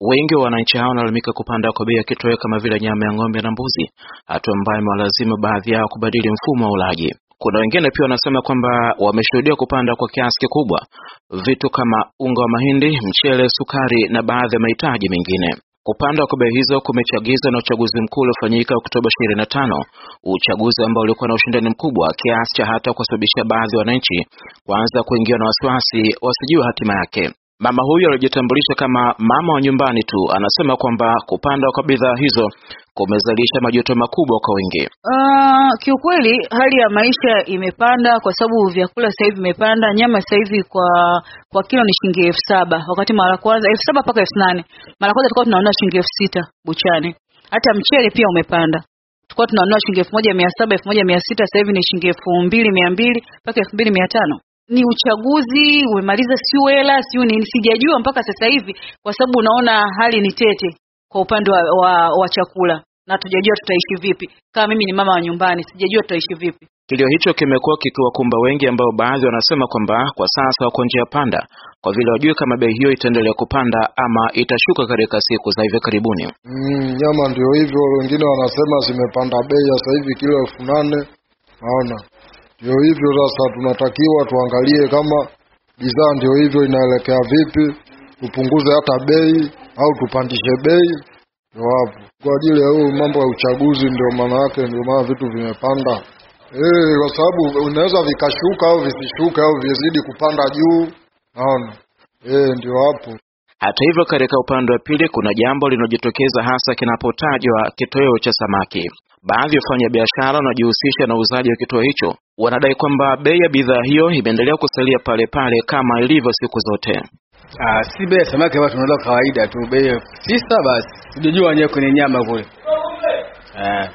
Wengi wa wananchi hao wanalalamika kupanda kwa bei ya kitoweo kama vile nyama ya ng'ombe na mbuzi, hatua ambayo imewalazimu baadhi yao kubadili mfumo wa ulaji. Kuna wengine pia wanasema kwamba wameshuhudia kupanda kwa kiasi kikubwa vitu kama unga wa mahindi, mchele, sukari na baadhi ya mahitaji mengine. Kupanda kwa bei hizo kumechagizwa na uchaguzi mkuu uliofanyika Oktoba 25, uchaguzi ambao ulikuwa na ushindani mkubwa kiasi cha hata kusababisha baadhi ya wananchi kuanza kuingiwa na wasiwasi wasijue hatima yake. Mama huyo alijitambulisha kama mama wa nyumbani tu, anasema kwamba kupanda kwa bidhaa hizo kumezalisha majuto makubwa kwa wengi. Uh, kiukweli hali ya maisha imepanda kwa sababu vyakula sasa hivi vimepanda. Nyama sasa hivi kwa kwa kilo ni shilingi elfu saba wakati mara kwanza elfu saba mpaka elfu nane Mara kwanza tulikuwa tunaona shilingi elfu sita buchani. Hata mchele pia umepanda, tulikuwa tunaona shilingi elfu moja mia saba elfu moja mia sita sasa hivi ni shilingi elfu mbili mia mbili mpaka elfu mbili mia tano ni uchaguzi umemaliza, siu hela siu nini, sijajua mpaka sasa hivi, kwa sababu unaona hali ni tete kwa upande wa, wa, wa chakula na tujajua tutaishi vipi. Kama mimi ni mama wa nyumbani, sijajua tutaishi vipi. Kilio hicho kimekuwa kikiwakumba wengi, ambao baadhi wanasema kwamba kwa sasa wako njia panda, kwa vile wajui kama bei hiyo itaendelea kupanda ama itashuka katika siku za hivi karibuni. Mm, nyama ndio hivyo, wengine wanasema zimepanda bei sasa hivi kilo elfu nane naona ndio hivyo sasa, tunatakiwa tuangalie kama bidhaa ndio hivyo inaelekea vipi, tupunguze hata bei au tupandishe bei. Ndio hapo kwa ajili ya huyu mambo ya uchaguzi, ndio maana yake, ndio maana vitu vimepanda eh, kwa sababu unaweza vikashuka au visishuke au vizidi kupanda juu. Naona eh, ndio hapo. Hata hivyo, katika upande wa pili kuna jambo linalojitokeza hasa kinapotajwa kitoweo cha samaki. Baadhi ya wafanyabiashara wanaojihusisha na uuzaji wa kituo hicho wanadai kwamba bei ya bidhaa hiyo imeendelea kusalia pale pale kama ilivyo siku zote. Ah, si bei ya samaki watu tunalo kawaida tu, bei tisa basi. Sijajua wenyewe kwenye nyama kule. Eh,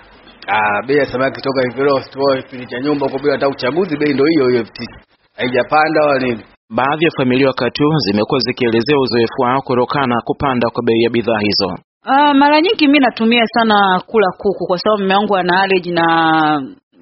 ah, bei ya samaki toka hivyo kipindi cha nyumba huko bila hata uchaguzi, bei ndio hiyo hiyo tisa. Haijapanda wala nini. Baadhi ya familia wakati huu zimekuwa zikielezea uzoefu wao kutokana kupanda kwa bei ya bidhaa hizo. Uh, mara nyingi mi natumia sana kula kuku kwa sababu mume wangu ana allergy na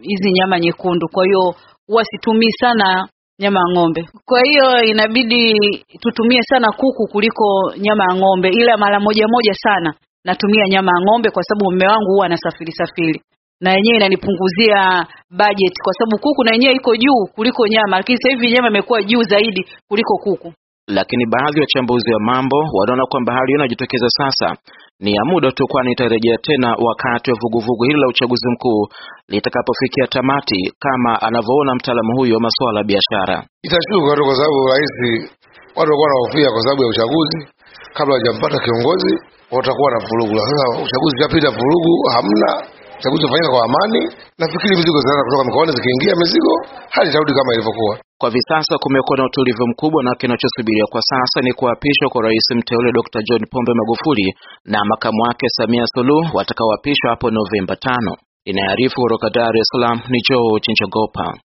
hizi nyama nyekundu, kwa hiyo huwa situmii sana nyama ya ng'ombe. Kwa hiyo inabidi tutumie sana kuku kuliko nyama ya ng'ombe, ila mara moja moja sana natumia nyama ya ng'ombe kwa sababu mume wangu huwa anasafiri safiri, na yenyewe inanipunguzia budget kwa sababu kuku na yenyewe iko juu kuliko nyama, lakini sasa hivi nyama imekuwa juu zaidi kuliko kuku. Lakini baadhi ya wachambuzi wa mambo wanaona kwamba hali hiyo inajitokeza sasa ni ya muda tu, kwani itarejea tena wakati wa vuguvugu hilo la uchaguzi mkuu litakapofikia tamati, kama anavyoona mtaalamu huyo wa masuala ya biashara. Itashuka tu kwa sababu rais, watu walikuwa wanahofia kwa sababu ya uchaguzi, kabla hajampata kiongozi watakuwa na vurugu. Sasa uchaguzi utapita, vurugu hamna Uchaguzi ufanyika kwa amani. Nafikiri mizigo zinaanza kutoka mkoani, zikiingia mizigo hali itarudi kama ilivyokuwa. Kwa hivi sasa kumekuwa na utulivu mkubwa, na kinachosubiria kwa sasa ni kuapishwa kwa rais mteule Dr. John Pombe Magufuli na makamu wake Samia Suluhu watakaoapishwa hapo Novemba tano. Inayoarifu kutoka Dar es Salaam ni George Njogopa.